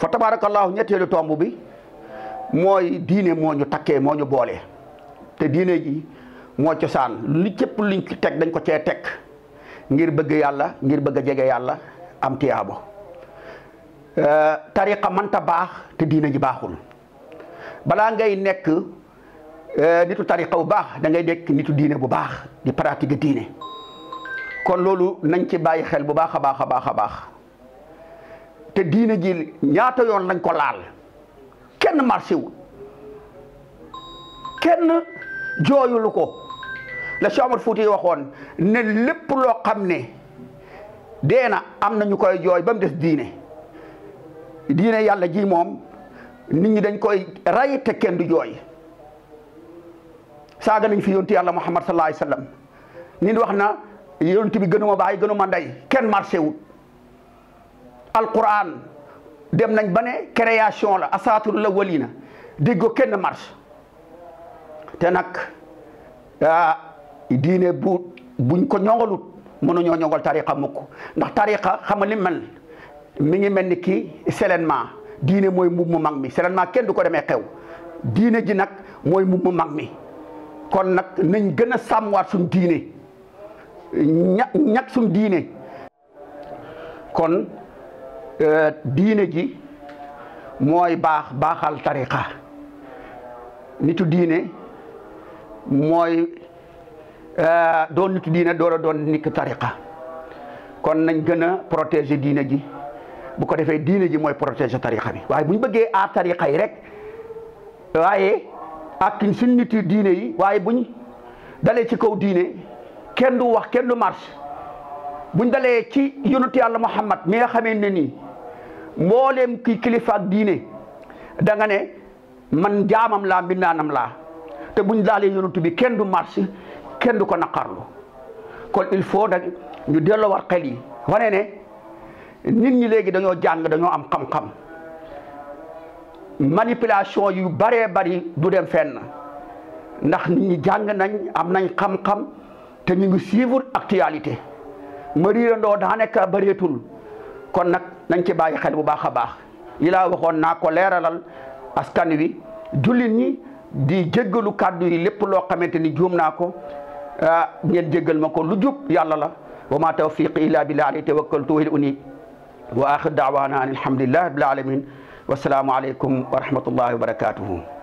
fa tabaarakallaahu ñetteelu tomb bi mooy diine moo ñu takkee moo ñu boole te diine ji moo cosaan li cëpp luñ ci teg dañ ko cee teg ngir bëgg yàlla ngir bëgg a jege yàlla am tiyaabo euh, tariqa mënta baax te diine ji baaxul balaa ngay nekk euh, nitu tariqa bu baax dangay ngay nekk nitu diine bu baax di pratiquer diine kon loolu nañ ci bàyyi xel bu baax a baax a baax a baax te diine ji ñaata yoon lañ ko laal kenn marché wul kenn jooyulu ko la Cheikh Omar waxoon ne lépp loo xam ne dee na am na ñu koy jooy ba mu des diine diine yàlla ji moom nit ñi dañ koy rey te kenn du jooy saaga nañ fi ti yàlla Muhammad sallallahu alayhi wa sallam nit wax na yonti bi gënuma baay gënuma ndey kenn marché wul alquran dem nañ ba ne création la asaatul awwalina déggoo kenn marche te nag ah diine bu buñ ko ñongalut mënuñoo ñongal tariqa mukk ndax tariqa xam nga li mel mi ngi mel ni kii seulement diine mooy mbubb mu mag mi seulement kenn du ko demee xew diine ji nag mooy mbubb mu mag mi kon nag nañ gën a sàmmwaat suñ diine ña ñag suñ diine kon Euh, diine gi mooy baax baaxal tariqa nitu diine mooy euh, doon nitu diine door a doon nikk tarika kon nañ gën a protéger diine gi bu ko defee diine gi mooy protéger tariqa bi waaye bu ñu bëggee aar tariqa yi rek waaye ak suñ nitu diine yi waaye buñ dalee ci kaw diine kenn du wax kenn du buñ dalee ci yonent yàlla Muhammad mi nga xamee ne nii mbooleem kii kilifa ak diine da nga ne man jaamam laa mbindaanam laa te buñ daalee yonent bi kenn du marché kenn du ko naqarlu kon il faut da ñu delloo war xel wane ne nit ñi léegi dañoo jàng dañoo am xam-xam manipulation yu baree bari du dem fenn ndax nit ñi jàng nañ am nañ xam-xam te ñu ngi suivre actualité ma riirandoo daanaka bëreetul kon nag nañ ci bàyyi xel bu baax a baax yi laa waxoon naa ko leeralal askan wi jullit ñi di jéggalu kàddu yi lépp loo xamante ni juum naa ko ah ngeen jéggal ma ko lu jub yàlla la wa ma tawfiqi illa billah alayhi tawakkaltu wahil unib wa axir daawaana an alhamdulillahi rabbil alamin wasalaamu aleykum wa rahmatullahi wa barakatuhu